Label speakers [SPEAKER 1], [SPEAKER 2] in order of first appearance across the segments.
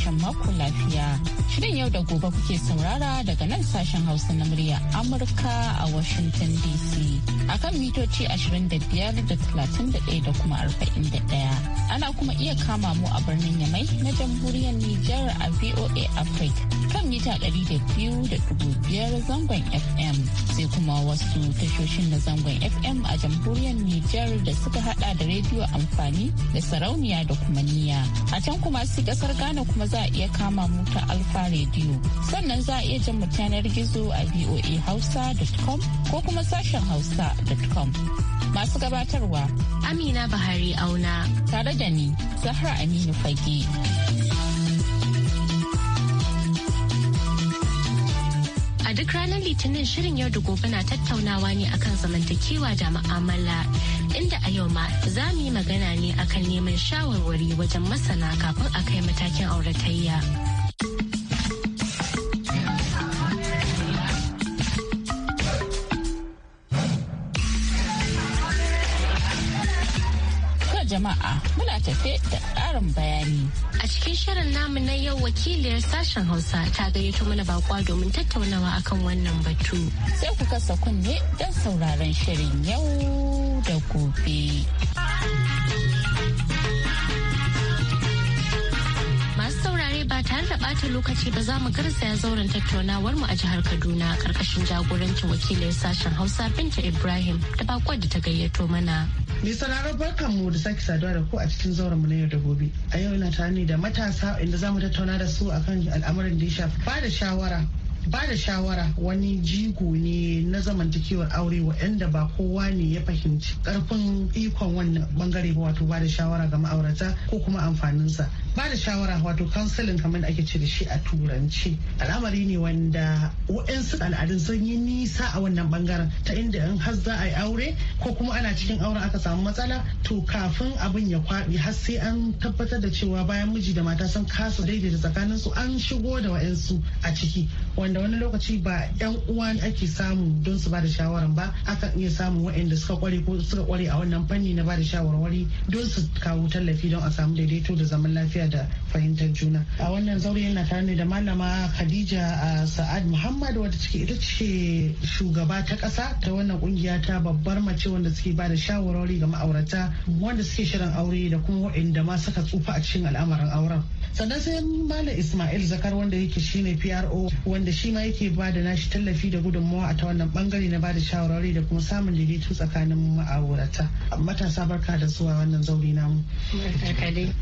[SPEAKER 1] ƙarshen mako lafiya. Shirin yau da gobe kuke saurara daga nan sashen Hausa na murya Amurka a Washington DC. A kan mitoci 25.31 da da kuma 41. Ana kuma iya kama mu a birnin Yamai na jamhuriyar Nijar a VOA Africa. kan mita 200.5 zangon FM sai kuma wasu tashoshin na zangon FM a jamhuriyar Nijar da suka hada da rediyo amfani da sarauniya da kuma niya. A can kuma su kasar Ghana kuma za a iya kama mu ta Alfa rediyo Sannan za a iya jan yanar gizo a voahausa.com ko kuma sashen hausa.com. Masu gabatarwa Amina Bahari Auna. Tare da ni, Zahra Aminu Fage. Duk ranar Litinin shirin yau da gobe na tattaunawa ne akan zamantakewa da ma'amala inda a yau ma za mu yi magana ne akan neman shawarwari wajen masana kafin a kai matakin auratayya. sa'a muna tafe da ƙarin bayani. A cikin shirin namu na yau wakiliyar sashen Hausa ta gayyato mana bakwa domin tattaunawa akan wannan batu. Sai ku kasa kunne don sauraron shirin yau da gobe. ba tare da ɓata lokaci ba za mu garzaya zauren tattaunawar mu a jihar Kaduna karkashin jagorancin wakilin sashen Hausa Binta Ibrahim da bakon da ta gayyato mana.
[SPEAKER 2] Mai sauraro barkan mu da sake saduwa da ku a cikin zauren mu na yau da gobe. A yau na tare ne da matasa inda zamu tattauna da su akan al'amuran da ya shafi ba da shawara ba da shawara wani jigo ne na zamantakewar aure waɗanda ba kowa ne ya fahimci karfin ikon wannan bangare ba wato ba da shawara ga ma'aurata ko kuma amfaninsa ba da shawara wato kansilin kamar da ake ce da shi a turanci al'amari ne wanda waɗansu al'adun sun yi nisa a wannan bangaren ta inda in har za a yi aure ko kuma ana cikin auren aka samu matsala to kafin abin ya kwaɓi har sai an tabbatar da cewa bayan miji da mata sun kasa daidaita su an shigo da waɗansu a ciki wanda da wani lokaci ba yan uwa ake samu don su bada shawaran ba akan iya samun waɗanda suka kware ko suka kware a wannan fanni na bada shawarwari don su kawo tallafi don a samu daidaito da zaman lafiya da fahimtar juna a wannan zaure yana tare ne da malama khadija sa'ad muhammad wadda take ita ce shugaba ta ƙasa ta wannan kungiya ta babbar mace wanda suke bada shawarwari ga ma'aurata wanda suke shirin aure da kuma waɗanda ma suka tsufa a cikin al'amarin auren sannan sai malam ismail zakar wanda yake shine pro wanda shi ma yake ba da nashi tallafi da gudunmawa a ta wannan bangare na bada shawarwari da kuma samun daidaito tsakanin ma'aurata matasa barka da zuwa wannan zauri namu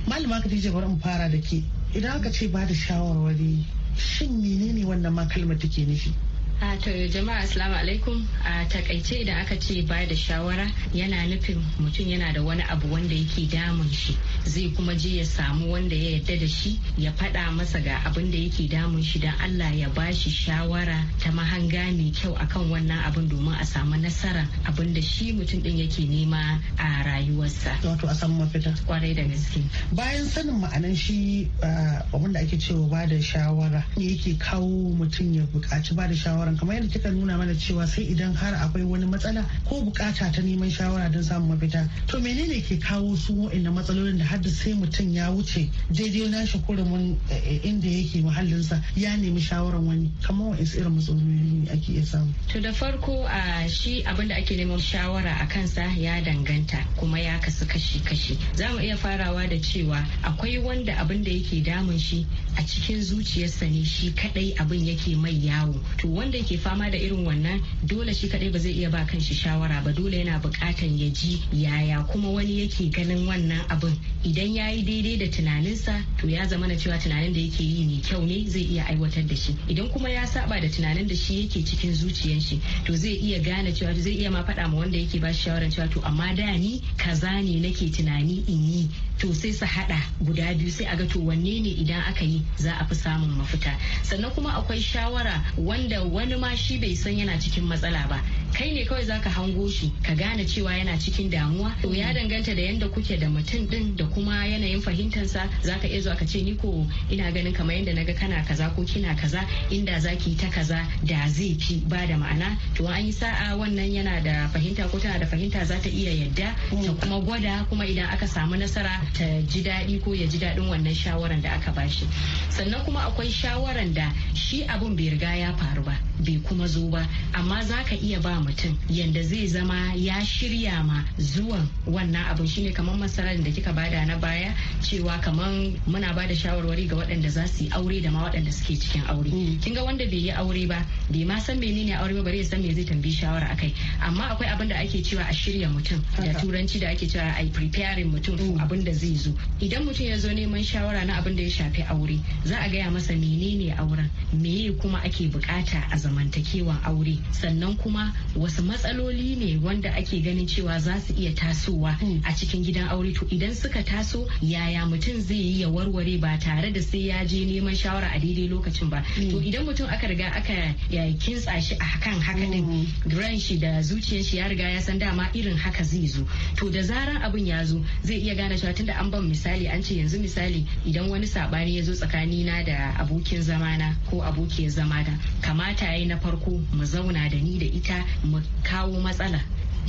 [SPEAKER 2] malama Khadija bari mu fara da ke idan aka ce ba da shawarwari shin menene wannan ma kalmar take nufi
[SPEAKER 3] A to jama'a assalamu alaikum a takaice idan aka ce ba da shawara yana nufin mutum yana da wani abu wanda yake damun shi zai kuma je ya samu wanda ya yadda da shi ya faɗa masa ga abin da yake damun shi don Allah ya ba shi shawara ta mahanga mai kyau akan wannan abin domin a samu nasara abin da shi mutum din yake nema a rayuwarsa. Wato a samu mafita. Kwarai da
[SPEAKER 2] gaske. Bayan sanin ma'anan shi ah, abin da ake cewa ba da shawara yake kawo mutum ya buƙaci ba da shawara shawaran kamar yadda kika nuna mana cewa sai idan har akwai wani matsala ko bukata ta neman shawara don samun mafita to menene ke kawo su wa'annan matsalolin da har sai mutum ya wuce daidai shi kurumin eh, inda yake muhallinsa ya nemi shawaran wani kamar wa'ansu irin matsaloli ne ake iya samu
[SPEAKER 3] to da farko a shi abin da ake neman shawara a kansa ya danganta kuma ya kasu kashi-kashi za mu iya farawa da cewa akwai wanda abin da yake damun shi a cikin zuciyarsa ne shi kadai abin yake mai yawo to wanda da ke fama da irin wannan dole shi kadai ba zai iya ba kanshi shawara ba dole yana bukatan ya ji yaya kuma wani yake ganin wannan abin idan ya yi daidai da tunaninsa to ya zama na cewa tunanin da yake yi mai kyau ne zai iya aiwatar da shi idan kuma ya saba da tunanin da shi yake cikin zuciyar shi to zai iya gane cewa zai iya ma faɗa ma wanda yake ba shi shawaran cewa to amma da ni kaza ne nake tunani in yi to sai su hada guda biyu sai a ga to wanne ne idan aka yi za a fi samun mafita sannan kuma akwai shawara wanda wani ma shi bai san yana cikin matsala ba kai ne kawai zaka hango shi ka gane cewa yana cikin damuwa to ya danganta da yanda kuke da mutum din da kuma yanayin fahimtansa zaka iya zuwa ka ce ni ko ina ganin kamar yanda naga kana kaza ko kina kaza inda zaki ta kaza da zai fi ba da ma'ana to an yi sa'a wannan yana da fahimta ko tana da fahimta za ta iya yadda ta kuma gwada kuma idan aka samu nasara ta ji daɗi ko ya ji daɗin wannan shawaran da aka bashi sannan kuma akwai shawaran da shi abun bai riga ya faru ba bai kuma zo ba amma zaka iya ba mutum yadda zai zama ya shirya ma zuwan wannan abin shine kamar masarar da kika bada na baya cewa kamar muna bada shawarwari ga waɗanda za su yi aure da ma waɗanda suke cikin aure mm. kin ga wanda bai yi aure ba bai ma san menene aure ba bare ya san me zai tambayi shawara akai amma akwai abin da ake cewa a shirya mutum da turanci da ake cewa ai preparing mutum mm. abin da zai zo idan mutum ya zo neman shawara na abin da ya shafi aure za a gaya masa menene auren meye kuma ake bukata a zamantakewan aure sannan kuma wasu matsaloli ne wanda ake ganin cewa za su iya tasowa hmm. a cikin gidan aure to idan suka taso yaya mutum zai yi ya warware ba tare da sai ya je neman shawara a daidai lokacin ba hmm. to idan mutum aka riga aka kintsa shi a kan haka din hmm. ran shi da zuciyar shi ya riga ya san dama irin haka zai zo to da zaran abin ya zo zai iya gane cewa tunda an ban misali an ce yanzu misali idan wani sabani ya zo tsakani na da abokin zamana ko abokiyar zamana kamata yayi na farko mu zauna da ni da ita mu kawo matsala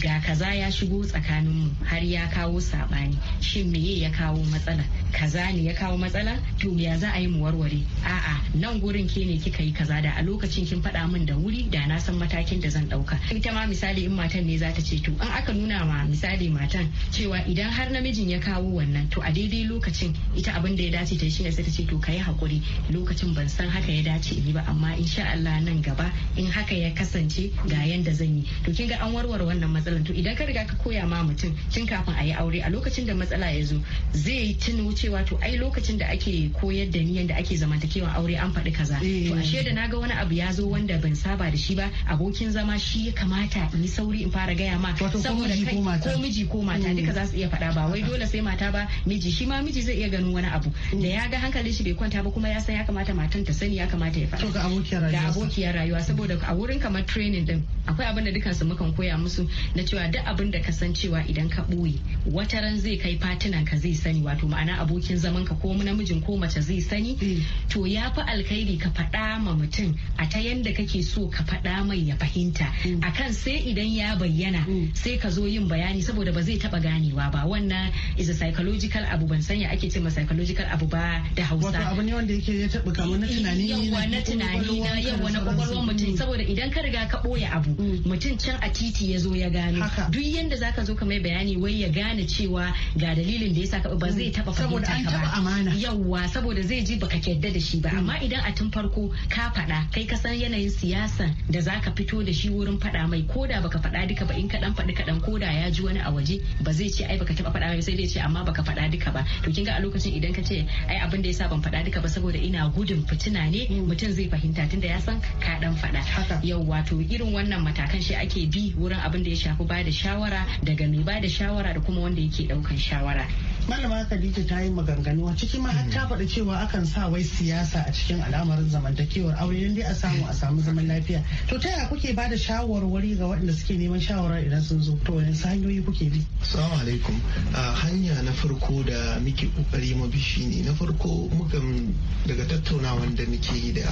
[SPEAKER 3] ga kaza ya shigo tsakaninmu har ya kawo saɓani shin meye ya kawo matsala kaza ne ya kawo matsala to ya za a yi mu warware a'a nan gurin ke ne kika yi kaza da a lokacin kin faɗa min da wuri da na san matakin da zan ɗauka ita ma misali in matan ne za ta ce to an aka nuna ma misali matan cewa idan har namijin ya kawo wannan to a daidai lokacin ita abin da ya dace ta shi ne sai ta ce to ka yi hakuri lokacin ban san haka ya dace ni ba amma insha Allah nan gaba in haka ya kasance ga yanda zan yi to kin ga an warware wannan matsalan to idan ka riga ka koya ma mutum tun kafin a yi aure a lokacin da matsala ya zo zai tuno cewa to ai lokacin da ake koyar da ni da ake zamantakewa aure an faɗi kaza to eh. ashe da ga wani abu ya zo wanda ban saba da shi ba abokin zama shi ya kamata in yi sauri in fara gaya ma saboda kai ko miji ko mata duka mm. za su iya faɗa ba wai dole sai mata ba miji shi ma miji zai iya ganin wani abu da ya ga hankalin shi bai kwanta ba kuma ya san ya kamata matan ta sani ya kamata ya faɗa ga abokiyar rayuwa da abokiyar rayuwa saboda a wurin kamar training din akwai abin da dukansu mukan koya musu na cewa duk abin da ka san cewa idan ka ɓoye wataran zai kai fatinan ka zai sani wato ma'ana abokin zaman ka ko namijin ko mace zai sani mm. to ya fi alkhairi ka faɗa ma mutum a ta yanda kake so ka faɗa mai ya fahimta mm. akan sai idan ya bayyana mm. sai ka zo yin bayani saboda ba zai taba ganewa ba wannan is a psychological abu ban sanya ake ce ma psychological abu ba da Hausa wato abu ne wanda yake ya taba kama na tunani yawa na tunani na yawa na kwakwalwar mutum saboda idan ka riga ka boye abu mutum can a titi ya zo ya gano duk yanda zaka zo ka mai bayani wai ya gane cewa ga dalilin da yasa ka ba zai taba fahimta saboda an taba amana yawwa saboda zai ji baka kyadda da shi ba amma hmm. idan a tun farko ka faɗa kai ka san yanayin siyasan da zaka fito da shi wurin faɗa mai koda baka faɗa duka ba in ka dan faɗi kaɗan koda ya ji wani a waje ba zai ce ai baka taba faɗa mai sai dai ce amma baka faɗa duka ba to kin ga a lokacin idan ka ce ai abin da yasa ban faɗa duka ba saboda ina gudun fitina ne hmm. mutum zai fahimta tunda ya san ka dan faɗa yawwa to irin wannan matakan shi ake bi wurin abin da ya shafi ba da shawara daga mai ba da shawara da kuma wanda yake ɗaukan shawara malama khadija
[SPEAKER 2] ta yi maganganu a ciki ma har ta faɗa cewa akan sa wai siyasa a cikin al'amarin zamantakewar aure don dai a samu a samu zaman lafiya to ta yaya kuke bada shawarwari ga waɗanda suke neman shawara idan sun zo to wani hanyoyi kuke bi
[SPEAKER 4] assalamu alaikum a hanya na farko da muke kokari mu bi shine na farko mukan daga tattaunawan da muke yi da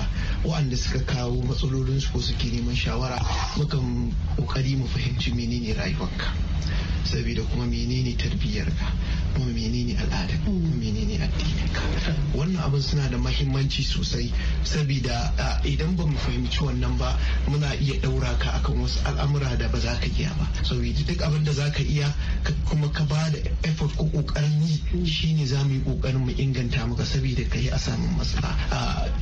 [SPEAKER 4] waɗanda suka kawo matsalolin su ko suke neman shawara mukan kokari mu fahimci menene rayuwarka saboda kuma menene tarbiyyarka kuma menene al'adar kuma menene addininka wannan abin suna da mahimmanci sosai saboda idan ba mu fahimci wannan ba muna iya ɗaura ka akan wasu al'amura da ba za ka iya ba saboda duk abin da za ka iya kuma ka ba da effort ko ƙoƙarin yi shine za mu yi ƙoƙarin mu inganta maka saboda ka yi a samun matsala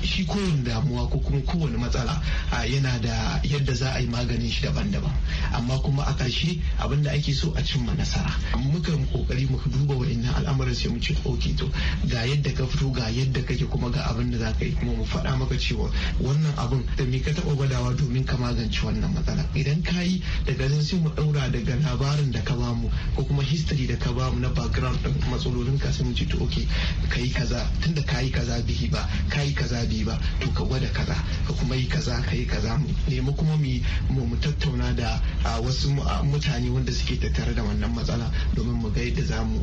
[SPEAKER 4] shi kowane damuwa ko kuma kowane matsala yana da yadda za a yi maganin shi daban-daban amma kuma a ƙarshe abin da ake so a ci cimma nasara yi kokari mu duba wa'annan al'amuran sai mu ce ok to ga yadda ka fito ga yadda kake kuma ga abin da za ka yi kuma mu faɗa maka cewa wannan abin da me ka taɓa gwadawa domin ka magance wannan matsala idan ka yi daga nan sai mu ɗaura daga labarin da ka bamu ko kuma history da ka bamu na background ɗin matsalolin ka sai mu ce to ok ka yi kaza tunda ka yi kaza bihi ba ka yi kaza bihi ba to ka gwada kaza ka kuma yi kaza ka yi kaza mu nemi kuma mu tattauna da wasu mutane wanda suke tattare da wannan matsala domin mu ga yadda za mu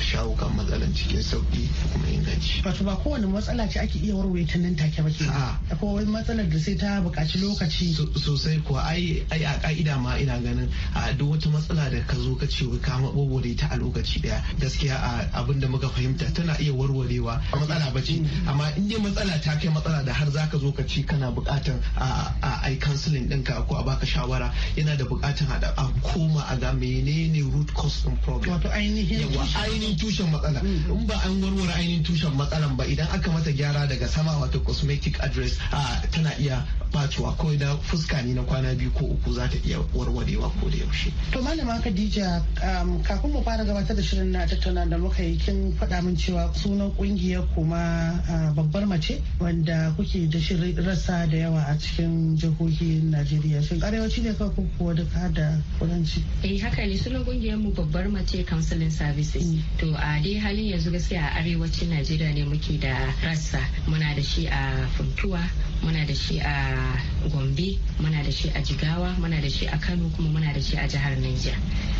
[SPEAKER 4] shawo kan matsalan cikin sauki kuma inganci.
[SPEAKER 2] Wato ba kowane matsala ce ake iya warware ta nan take ba ke. Akwai wani matsalar da sai ta buƙaci lokaci. Sosai kuwa ai a ƙa'ida ma ina ganin
[SPEAKER 4] a duk wata matsala da ka zo ka ce ka maɓoɓore ta a lokaci ɗaya gaskiya a abin da muka fahimta tana iya warwarewa matsala ba ce mm. amma in dai matsala ta kai matsala da har zaka zo ka ci kana buƙatar a ai counseling ɗinka ko a baka shawara yana da buƙatar a koma a ga me menene root cause din problem wato ainihin yawa ainihin tushen matsala mm. in ba an warware ainihin tushen matsalan ba idan aka mata gyara daga sama wato cosmetic address a tana iya bacewa ko da fuska ne na kwana biyu ko uku za ta iya warwarewa ko da yaushe
[SPEAKER 2] to malama Khadija um, kafin mu fara gabatar da shirin na tattauna da muka yi kin faɗa min cewa sunan kungiyar kuma babbar mace wanda kuke da shirin rasa da yawa a cikin jihohin Najeriya shin arewaci ne kawai ko kuwa duka da
[SPEAKER 3] kudanci eh haka ne suna kungiyar mu babbar mace counseling services. Mm. To a dai halin yanzu gaskiya a arewacin Najeriya ne muke da rassa. Muna da shi a Funtuwa, muna da shi a Gombe, muna da shi a Jigawa, muna da shi a Kano kuma muna da shi a jihar Niger.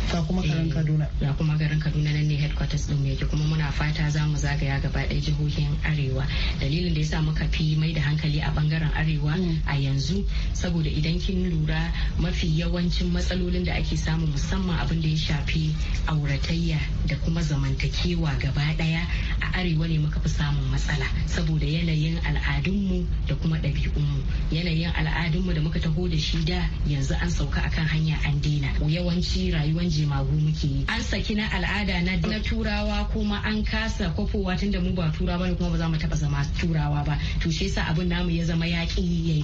[SPEAKER 3] ta kuma garin eh, Kaduna. ya kuma garin Kaduna nan ne headquarters din yake kuma muna fata za mu zagaya gaba ɗaya jihohin Arewa. Dalilin da yasa muka fi mai da hankali a bangaren Arewa mm. a yanzu saboda idan kin lura mafi yawancin matsalolin da ake samu musamman a abin da ya shafi auratayya da kuma zamantakewa gaba daya a arewa ne muka fi samun matsala saboda yanayin al'adunmu da kuma ɗabi'unmu yanayin al'adunmu da muka taho da shi da yanzu an sauka akan hanya an daina yawanci rayuwan jemagu muke yi an saki na al'ada na turawa kuma an kasa kwafowa da mu ba turawa ne kuma ba za mu taba zama turawa ba to shi yasa abin namu ya zama yaƙi ya yi. yayi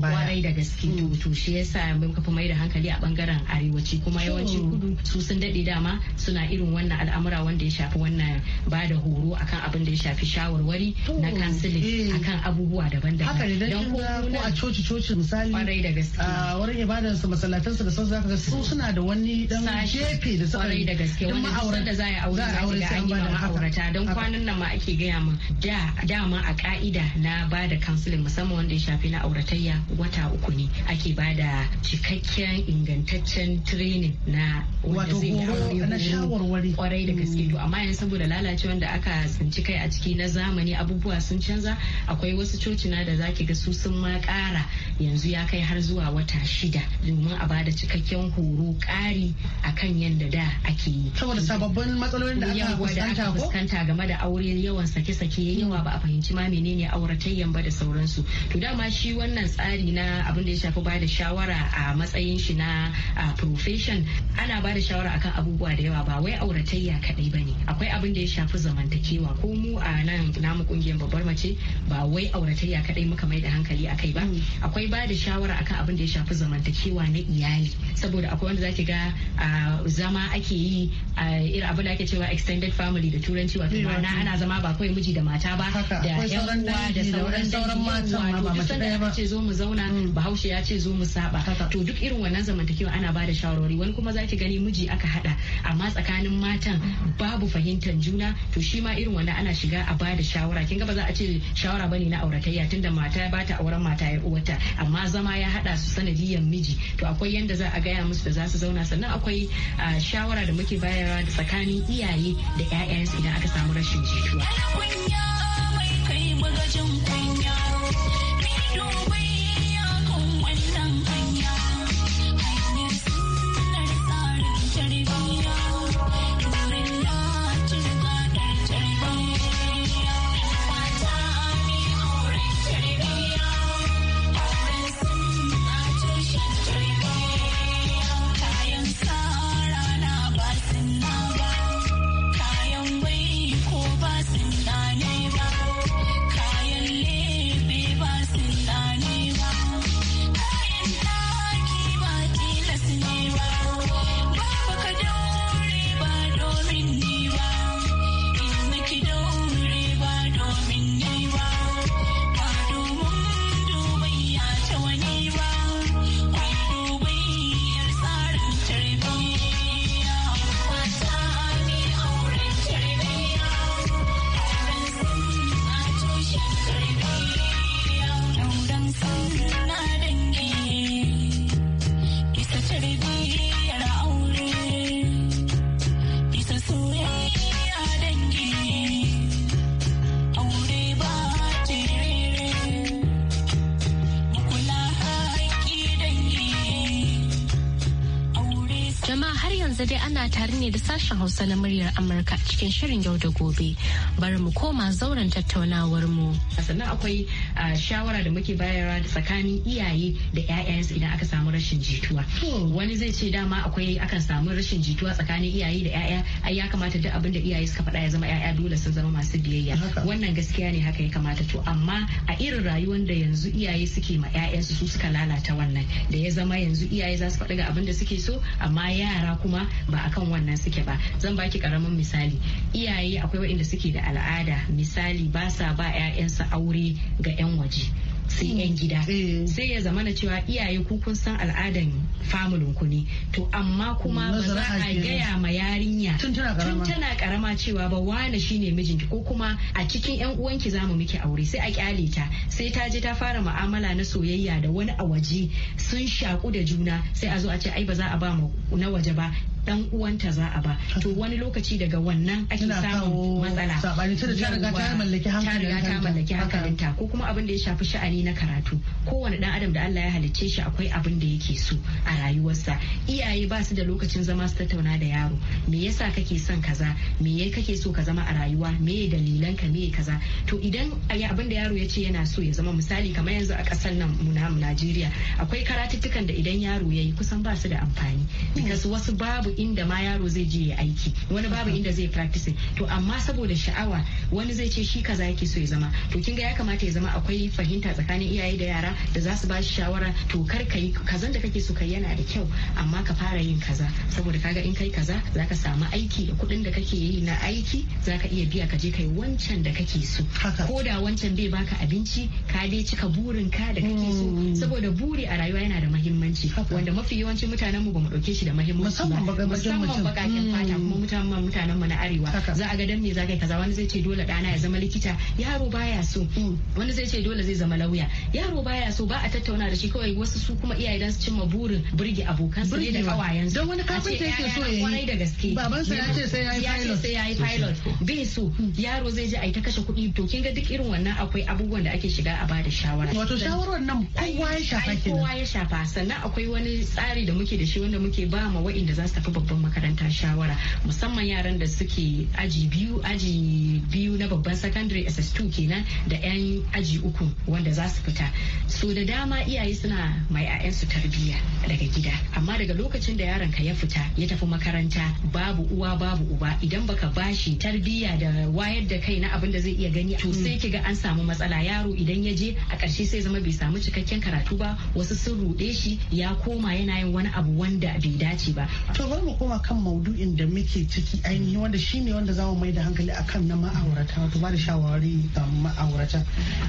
[SPEAKER 3] kwarai da gaske to shi yasa muka fi mai da hankali a bangaren arewaci kuma yawanci kudu mm. su sun daɗe dama suna irin wannan al'amura wanda ya shafi wannan ba da horo akan abin da ya shafi shawarwari na kansilin eh. akan abubuwa daban-daban. Haka ne don ko
[SPEAKER 2] a coci-coci misali. Kwarai da gaske. wurin ibadar su masallatan da sauransu zaka su
[SPEAKER 3] suna da wani dan gefe da suka yi. Kwarai da gaske wanda ma'aurata za a aure za a aure ma'aurata don kwanan nan ma ake gaya ma da dama a ka'ida na ba da kansilin musamman wanda ya shafi na auratayya wata uku ne ake ba da cikakken ingantaccen training na na wato horo na shawarwari kwarai da gaske to amma yanzu saboda lalacewar da aka tsinci kai a ciki na zamani abubuwa sun canza akwai wasu cocina da zaki ga su sun ma kara yanzu ya kai har zuwa wata shida domin a bada cikakken horo kari akan yadda da ake yi saboda sababbin matsalolin da aka fuskanta game da aure yawan sake-sake ya yawa ba a fahimci ma menene auratayyan ba da sauransu to dama shi wannan tsari na abin da ya shafi bada shawara a matsayin shi na profession ana ba da shawara akan abubuwa da yawa ba wai auratayya kaɗai ba ne akwai abin da ya shafi zamantakewa ko mu a nan namu kungiyar babbar mace ba wai auratayya kadai muka mai da hankali akai ba mm. akwai ba da shawara akan abin da ya shafi zamantakewa na iyali saboda akwai wanda zaki ga zama ake yi irin abin da ake cewa extended family da turanci wato mm, ma'ana ana zama ba kawai miji da mata ba da yan da sauran sauran mata ba mace da ba ce zo mu zauna mm. bahaushe ya ce zo mu saba to duk irin wannan zamantakewa ana ba da shawarwari wani kuma zaki gani miji aka hada amma tsakanin matan babu fahimtar juna to shi ma irin wannan ana shiga a bada shawara kin ga ba za a ce shawara bane na auratayya tunda mata ba ta auren mata ya uwata amma zama ya hada su sanadiyan miji to akwai yanda za a gaya musu da za su zauna sannan akwai shawara da muke bayarwa da tsakanin iyaye da 'ya'yansu idan aka samu
[SPEAKER 5] rashin jituwa. Kai magajin
[SPEAKER 1] ana tare ne da sashen Hausa na muryar Amurka cikin shirin yau da gobe.
[SPEAKER 3] Bari mu koma zauren tattaunawar mu. Sannan akwai a shawara da muke bayarwa tsakanin iyaye da 'ya'yansu idan aka samu rashin jituwa wani zai ce dama akwai akan samu rashin jituwa tsakanin iyaye da 'ya'ya ai ya kamata duk abin da iyaye suka faɗa ya zama 'ya'ya dole sun zama masu biyayya wannan gaskiya ne haka ya kamata to amma a irin rayuwar da yanzu iyaye suke ma 'ya'yansu su suka lalata wannan da ya zama yanzu iyaye za su faɗi ga abin da suke so amma yara kuma ba akan wannan suke ba zan baki karamin misali iyaye akwai waɗanda suke da al'ada misali ba sa ba 'ya'yansu aure ga 'yan waje sai 'yan mm. gida eh. sai ya zamana cewa iyaye ku kun san al'adan familin ku ne to amma kuma ba za a gaya ma yarinya tun tana karama cewa ba wane shine mijinki ko kuma a cikin 'yan uwanki za mu miki aure sai a kyale ta sai ta je ta fara mu'amala na soyayya da wani a waje sun shaku da juna sai a zo a ce ai ba za a ba mu na waje ba dan uwanta za a ba to wani lokaci daga wannan ake samun matsala sabani ta riga ta mallaki hankalinta ta mallaki hankalinta ko kuma abin da ya shafi sha'ani na karatu kowane dan adam da Allah ya halicce shi akwai abin da yake so a rayuwarsa iyaye ba su da lokacin zama su tattauna da yaro me yasa kake son kaza me kake so ka zama a rayuwa me dalilan ka me kaza to idan abin da yaro ya ce yana so ya zama misali kamar yanzu a kasar nan mu Najeriya akwai karatuttukan da idan yaro yayi kusan ba su da amfani because wasu babu inda ma yaro zai je ya aiki wani babu inda zai practice to amma saboda sha'awa wani zai ce shi kaza yake so ya zama to kinga ya kamata ya zama akwai fahimta tsakanin iyaye da yara da za su ba shi shawara to kar ka yi kazan da kake so kai yana da kyau amma ka fara yin kaza saboda kaga in kai kaza zaka samu aiki da kuɗin da kake yi na aiki zaka iya biya ka je kai wancan da kake so ko da wancan bai baka abinci ka dai cika burin ka da kake so mm. saboda buri a rayuwa yana da mahimmanci wanda mafi yawancin mutanen mu bamu dauke shi da mahimmanci ba musamman bakakin fata kuma hmm. musamman mutanen mu na arewa za a ga dan me za kai kaza wani zai ce dole dana ya zama likita yaro baya so hmm. wani zai ce dole zai zama lauya yaro baya so ba a tattauna da shi kawai wasu su kuma iyaye dan su cimma burin burge abokan su ne da kawayen su don wani kafinta yake so ya yayi da gaske baban sa ya ce sai yayi pilot sai yayi pilot bai so hmm. yaro zai je a yi ta kashe kuɗi to kin ga duk irin wannan akwai abubuwan da ake shiga a bada shawara wato shawarar nan kowa ya shafa kenan kowa ya shafa sannan akwai wani tsari da muke da shi wanda muke ba ma wa'inda za su tafi babban makaranta shawara musamman yaran da suke aji biyu aji biyu na babban secondary ss2 kenan da yan aji uku wanda za su fita so da dama iyaye suna mai 'ya'yansu tarbiyya daga gida amma daga lokacin da yaron ka ya fita ya tafi makaranta babu uwa babu uba idan baka bashi tarbiyya da wayar da kai na abin da zai iya gani to mm. sai kiga an samu matsala yaro idan ya je a ƙarshe sai zama bai samu cikakken karatu ba wasu sun ruɗe shi ya koma yana yin wani abu wanda bai dace ba to mu koma kan maudu'in da muke ciki ainihi wanda shine wanda za mu mai da hankali akan na
[SPEAKER 2] ma'aurata wato ba da shawari ga ma'aurata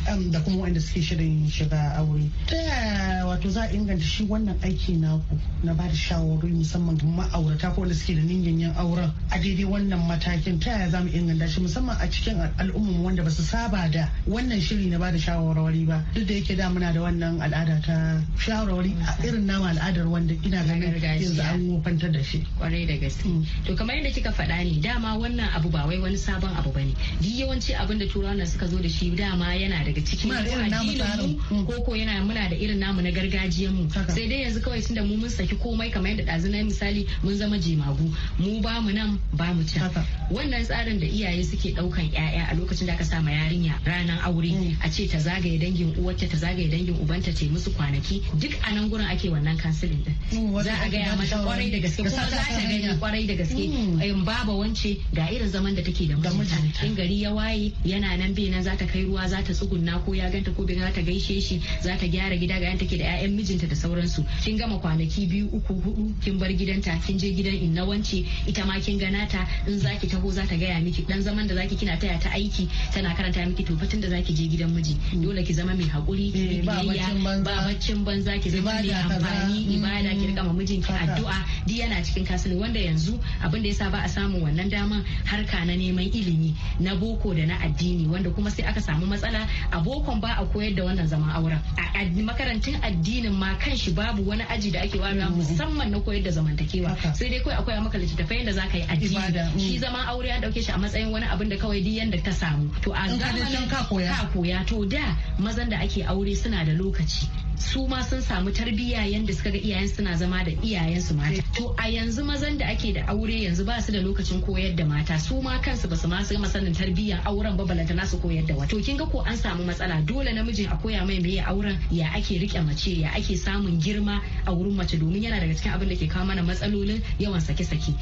[SPEAKER 2] um, da kuma wanda suke shirin shiga aure ta wato za a inganta shi wannan aiki ku na ba da shawarwari musamman ga ma'aurata ko wanda suke da ningin yin auren a daidai wannan matakin ta yaya za mu inganta shi musamman a cikin al'ummar wanda ba su saba da wannan shiri na ba da shawarwari ba duk da yake da muna da
[SPEAKER 3] wannan al'ada ta shawarwari a irin nama al'adar wanda ina ganin yanzu an wofantar da shi kwarai da gaske mm. to kamar yadda kika faɗa ne dama wannan abu ba wai wani sabon abu bane duk yawanci abin da turawa na suka zo da shi dama yana daga cikin addinin mm. ko ko yana muna da irin namu na gargajiyan mu sai dai yanzu kawai tunda mu mun saki komai kamar yadda ɗazu na misali mun zama jemagu mu ba mu nan ba mu can wannan tsarin da iyaye suke daukan 'ya'ya a lokacin da aka sa ma yarinya ranar aure mm. a ce ta zagaye dangin uwarta ta zagaye dangin ubanta ce musu kwanaki duk a nan gurin ake wannan kansilin din za a gaya mata kwarai da gaske za ta gani kwarai da gaske mm. in baba wance ga irin zaman da take da mijinta in gari ya waye yana nan bai nan za ta kai ruwa za ta tsugunna ko ya ganta ko bai zata ta gaishe shi za ta gyara gida ga yan take da 'ya'yan mijinta da sauransu kin gama kwanaki biyu uku hudu kin bar gidanta kin je gidan inna wance ita ma kin gana ta in zaki taho za ta gaya miki dan zaman da zaki kina taya ta aiki tana karanta miki to fatin da zaki je gidan miji mm. dole ki zama mai hakuri eh, ba baccin banza ki zama mai amfani ibada ki mm. rika ma mijinki addu'a duk yana cikin cikin kasali wanda yanzu abin da yasa ba a samu wannan daman harka na neman ilimi na boko da na addini wanda kuma sai aka samu matsala a bokon ba a koyar da wannan zaman auren a makarantun addinin ma kan shi babu wani aji da ake wara mm-hmm. musamman na koyar da zamantakewa sai dai kawai akwai maka littattafai da zaka yi addini mm. shi zaman aure an dauke shi a matsayin wani abin da kawai duk yanda ka samu to a zamanin ka koya to da mazan da ake aure suna da lokaci su ma sun samu tarbiyya yanda suka ga iyayen suna zama da iyayen su mata to a yanzu mazan da ake da aure yanzu ba su da lokacin koyar da mata su ma kansu ba su ma su gama sanin tarbiyyar auren ba na su koyar da To kin ga ko an samu matsala dole namijin a koya mai meye auren ya ake rike mace ya ake samun girma a wurin mace domin yana daga cikin abin da ke kawo mana matsalolin yawan sake-sake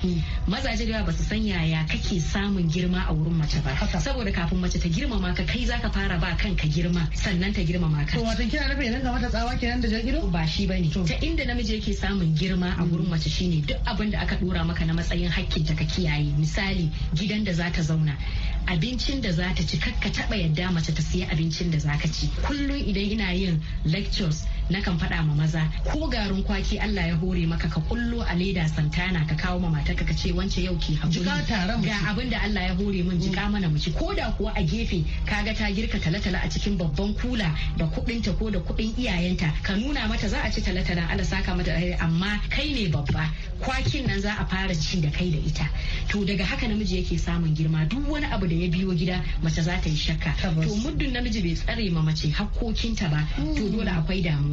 [SPEAKER 3] mazaje da ba su san yaya kake samun girma a wurin mace ba saboda kafin mace ta girmama ka kai zaka fara ba kanka girma sannan ta girmama ka to wato kina nufin idan mata turawa kenan da jan ido ba shi bane ta inda namiji yake samun girma a gurin mace shine duk abin da aka dora maka na matsayin hakkin ta ka kiyaye misali gidan da za zauna abincin da za ta ci kakka taba yadda mace ta siya abincin da za ka ci kullum idan ina yin lectures Na kan faɗa ma maza ko garin kwaki Allah ya hore maka ka kullo a leda santana ka kawo ma matarka ka ce wance yau ki hakuri ga abin da Allah ya hore min jika mana mu ci ko da kuwa a gefe ka ga ta girka talatala a cikin babban kula da kuɗin ta ko da kuɗin iyayenta ka nuna mata za a ci talatala Allah saka mata amma kai ne babba kwakin nan za a fara ci da kai da ita to daga haka namiji yake samun girma duk wani abu da ya biyo gida mace za ta yi shakka to muddin namiji bai tsare ma mace hakkokinta ba to dole akwai damuwa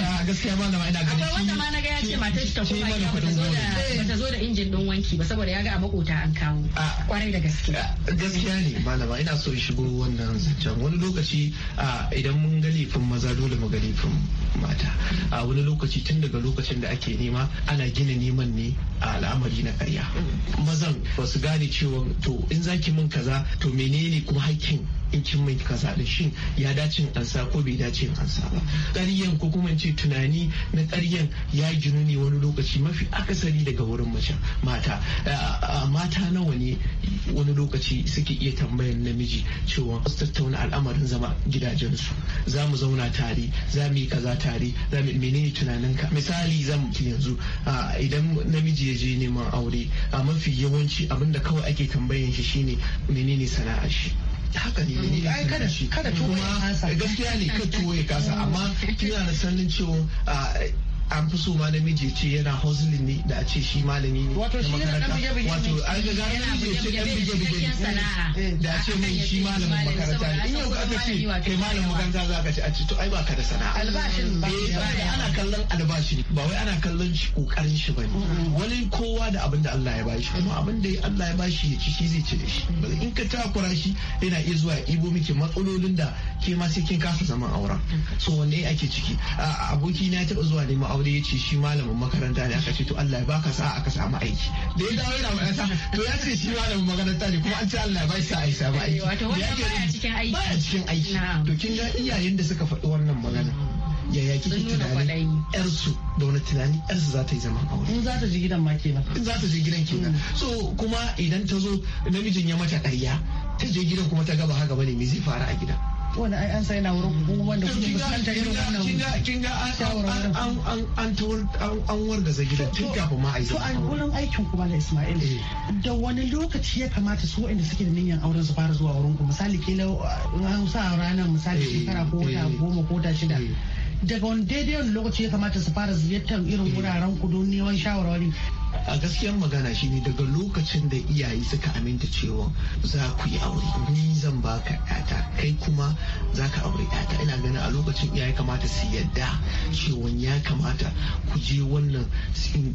[SPEAKER 3] a gaskiya ba lama ina ganin akwai wanda
[SPEAKER 2] ma na ya ce matar ta kuma ya bata zo
[SPEAKER 3] da zo da injin din wanki ba saboda ya ga a makota an kawo kwarai da gaske
[SPEAKER 4] gaskiya ne malama ina so shigo wannan zancen wani lokaci idan mun ga laifin maza dole mu ga laifin mata a wani lokaci tun daga lokacin da ake nema ana gina neman ne a al'amari na karya mazan ba su gane cewa to in zaki mun kaza to menene kuma hakkin in cin mai kaza da shi ya dace ansa ko bai dace ansa ba ƙaryan ko kuma ce tunani na ƙaryan ya ginu ne wani lokaci mafi akasari daga wurin mace mata mata nawa ne wani lokaci suke iya tambayan namiji cewa su tattauna al'amarin zama gidajensu za mu zauna tare za mu yi kaza tare za mu menene tunaninka misali za mu ci yanzu idan namiji ya je neman aure a mafi yawanci abinda kawai ake tambayan shi shine menene sana'ar shi haka ne ne ai kada kada tuwo ya kasa gaskiya ne kada tuwo ya kasa amma kina da sanin cewa ah, an fi so ma namiji ce yana hustling ne da a ce shi malami ne wato shi yana dan bige bige wato an ga gani namiji ce dan bige bige da a ce mai shi malamin makaranta ne in yau aka ce kai malamin makaranta za ka ce a ce to ai ba ka da sana'a albashin ba eh, ana kallon albashi ba wai ana kallon shi kokarin shi bane mm-hmm. wani kowa da abin da Allah ya bashi kuma abin da Allah ya bashi ya ci shi zai ci da shi mm-hmm. in ka takura shi yana iya zuwa ya ibo miki matsalolin da ke ma sai kin kasa zaman auren mm-hmm. so wanne ake ciki aboki na ya taba zuwa neman aure ya ce shi malamin makaranta ne aka ce to Allah ya baka sa aka samu aiki da ya dawo yana makaranta to ya ce shi malamin makaranta ne kuma an ce Allah ya ba shi sa aiki samu aiki wato wannan baya cikin aiki baya cikin aiki to kin ga iyayen da suka faɗi wannan magana yaya kike tunanin su da wani tunani su za ta yi zaman aure in za ta ji gidan ma kenan in za ta je gidan kenan mm. so kuma idan ta zo namijin ya mata ƙarya ta je gidan kuma ta gaba haka bane me zai fara a gidan wani ai an sai na wurin ku wanda kuke fuskantar irin wannan kin ga an
[SPEAKER 2] an an an wargaza gidan tun kafin ma ai to a wurin aikin ku da Ismail eh. da wani lokaci ya kamata su waɗanda suke da niyyar auren su fara zuwa wurin ku misali ke an sa ranar misali eh, shekara ko ta eh. goma ko ta shida daga wani daidai wani lokaci ya kamata su fara ziyartar irin wuraren ku don neman shawarwari a gaskiyar magana shine daga lokacin da iyaye suka aminta cewa
[SPEAKER 4] za ku yi aure ni zan baka yata kai kuma za ka aure ta ina ganin a lokacin iyaye kamata su yadda cewa ya kamata ku je wannan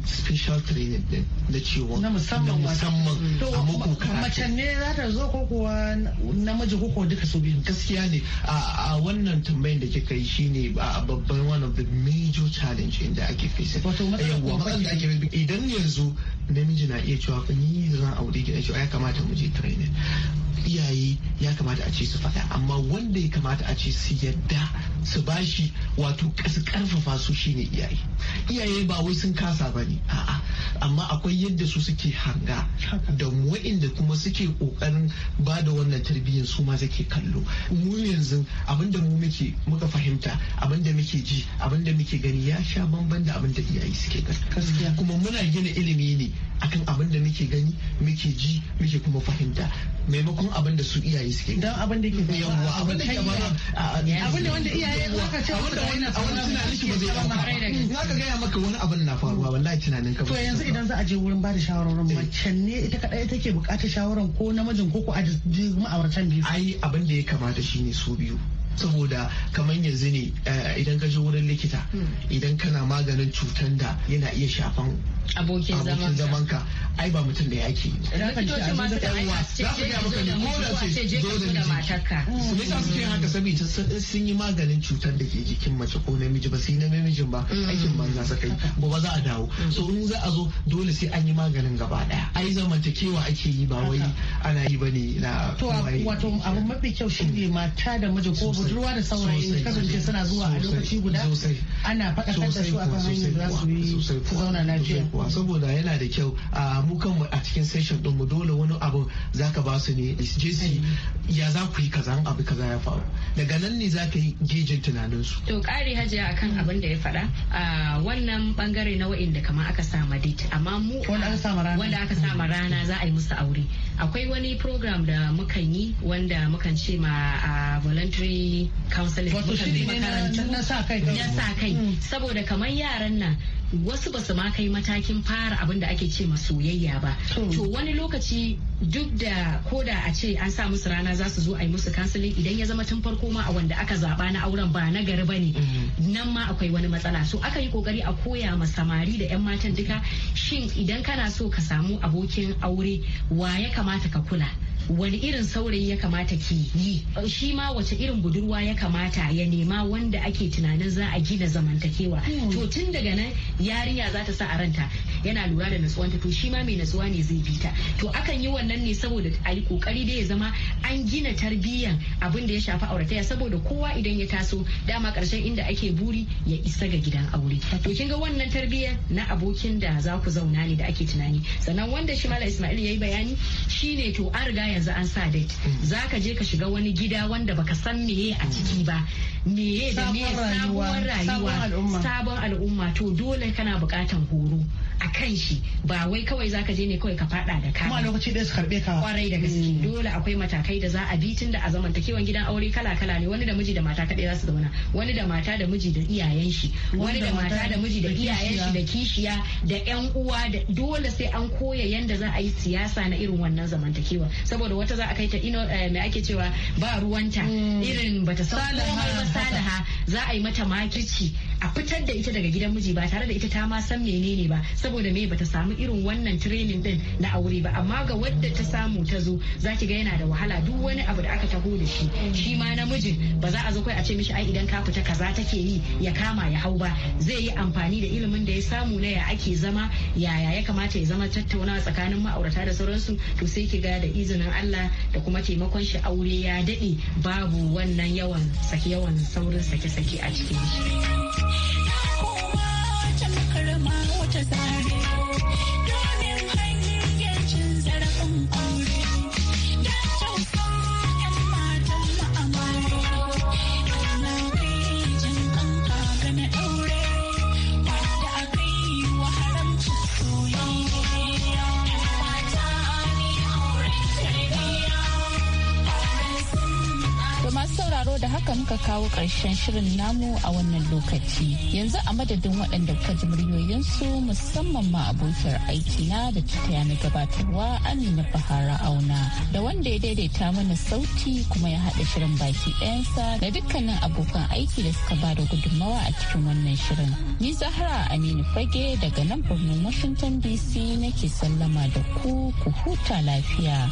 [SPEAKER 4] special training din na cewa na musamman a muku karatu mace ne za ta zo ko kuwa namiji ko duka su biyu gaskiya ne a wannan tambayin da kika yi shine a babban one of the major challenge inda ake fesa. wato matsalar da ake idan yanzu namiji na iya cewa ni zan aure cewa ya kamata mu je training iyaye ya kamata a ce su faɗa amma wanda ya kamata a ce su yadda su bashi wato su karfafa su shine iyaye iyaye ba wai sun kasa ba ne a'a amma akwai yadda su suke hanga da wa'inda kuma suke kokarin ba da wannan tarbiyyar su ma suke kallo mu yanzu abinda mu muke muka fahimta abinda muke ji abinda muke gani ya sha bamban da abinda iyaye suke gaskiya kuma muna gina ilimi ne akan abin da muke gani muke ji muke kuma fahimta maimakon abin da su iyaye suke don abin da ke yawa abin da ke ba abin da wanda iyaye zaka ce abin da wani a wani tunanin shi ba zai dauka ka gaya maka wani abin na
[SPEAKER 2] faruwa wallahi tunanin ka to yanzu idan za a je wurin ba da shawarorin eh. mace ne ita kadai take bukatar shawaran ko namijin ko
[SPEAKER 4] ko a ma'auratan biyu ai abin da ya kamata shine su biyu saboda kamar yanzu ne eh, idan ka je wurin likita hmm. idan kana maganin cutar da yana iya shafan abokin zaman ka ai ba mutum da yake likitoci masu da aika ce ce ce zo da matarka su ne sa ke haka saboda sun yi maganin cutar da ke jikin mace ko namiji ba sai na namijin ba mm. aikin banza sakai ba ba za a dawo mm. so in za a zo dole sai an yi maganin gaba daya ai zamantakewa ake yi ba wai ana yi ba ne
[SPEAKER 2] na to wato abu mafi kyau shine mm. mata da miji ko budurwa da saurayi kasance suna zuwa a lokaci guda ana faɗakar da su akan hanyar za su yi su zauna lafiya
[SPEAKER 4] saboda yana da kyau a mu kanmu a cikin session din mu dole wani abu zaka ba su ne jesi ya za ku yi kaza abu kaza ya faru daga nan ne za ka yi gejin tunanin su
[SPEAKER 3] to kare hajiya akan abin da ya faɗa a wannan bangare na wa'inda kamar aka sa date amma mu wanda aka sama rana rana za a yi musu aure akwai wani program da muka yi wanda mukan ce ma voluntary counseling wato shi ne na sa kai na sa kai mm. saboda kamar yaran nan wasu basu ma kai matakin fara abin da ake ce ma soyayya ba to wani lokaci duk da koda a ce an sa musu rana za su zo a yi musu kansilin idan ya zama tun farko ma a wanda aka zaba na auren ba na gari bane mm-hmm. nan ma akwai wani matsala so aka yi kokari a koya ma samari da yan matan duka shin idan kana so ka samu abokin aure wa ya kamata ka kula wani irin saurayi ya kamata ke yi shi ma wace irin budurwa ya kamata ya nema wanda ake tunanin za a gina zamantakewa hmm. to tun daga nan yarinya za ta sa a ranta yana lura da natsuwan ta to shi ma mai natsuwa ne zai bi ta to akan yi wannan ne saboda a yi kokari da ya zama an gina tarbiyyan abin da ya shafi aurataya saboda kowa idan ya taso dama karshen inda ake buri ya isa ga gidan aure to kin ga wannan tarbiyyan na abokin da za ku zauna ne da ake tunani sannan wanda shi mala Ismail yayi bayani shine to an riga yanzu an sa date ka je ka shiga wani gida wanda baka san meye a ciki ba meye da meye sabuwar rayuwa sabon al'umma to dole kana bukatan horo a a shi ba wai kawai zaka je ne kawai ka fada da ka kuma lokaci ɗaya su karbe ka kwarai da gaske mm. dole akwai matakai da za a bi tun da a zamantakewan gidan aure kala kala ne wani da miji da mata kaɗai za su zauna wani da mata da miji da iyayen shi wani da mata da miji da iyayen shi da kishiya da yan uwa da dole sai an koya yanda za a yi siyasa na irin wannan zamantakewa saboda wata za a kai ta ino eh, mai ake cewa ba ruwanta mm. irin bata san komai ba salaha za a yi mata makirci a fitar da ita daga gidan miji ba tare da ita ta ma san menene ba saboda me bata samu irin wannan training din na aure ba amma ga wadda ta samu ta zo za ki ga yana da wahala duk wani abu da aka taho da shi shi ma namijin ba za a zo kai a ce mishi ai idan ka fita kaza take yi ya kama ya hau ba zai yi amfani da ilimin da ya samu na ya ake zama yaya ya kamata ya zama tattaunawa tsakanin ma'aurata da sauransu to sai ki ga da izinin Allah da kuma taimakon shi aure ya daɗe babu wannan yawan sake yawan saurin sake-sake
[SPEAKER 5] a cikin shi. kowa ta makarama wata zare
[SPEAKER 1] sauraro da haka muka kawo ƙarshen shirin namu a wannan lokaci. Yanzu a madadin waɗanda kuka ji muryoyinsu musamman ma abokiyar aikina da ta na gabatarwa Amina Bahara Auna da wanda ya daidaita mana sauti kuma ya haɗa shirin baki ɗayansa da dukkanin abokan aiki da suka ba da gudunmawa a cikin wannan shirin. Ni Zahra Aminu Fage daga nan birnin Washington DC nake sallama da ku ku huta lafiya.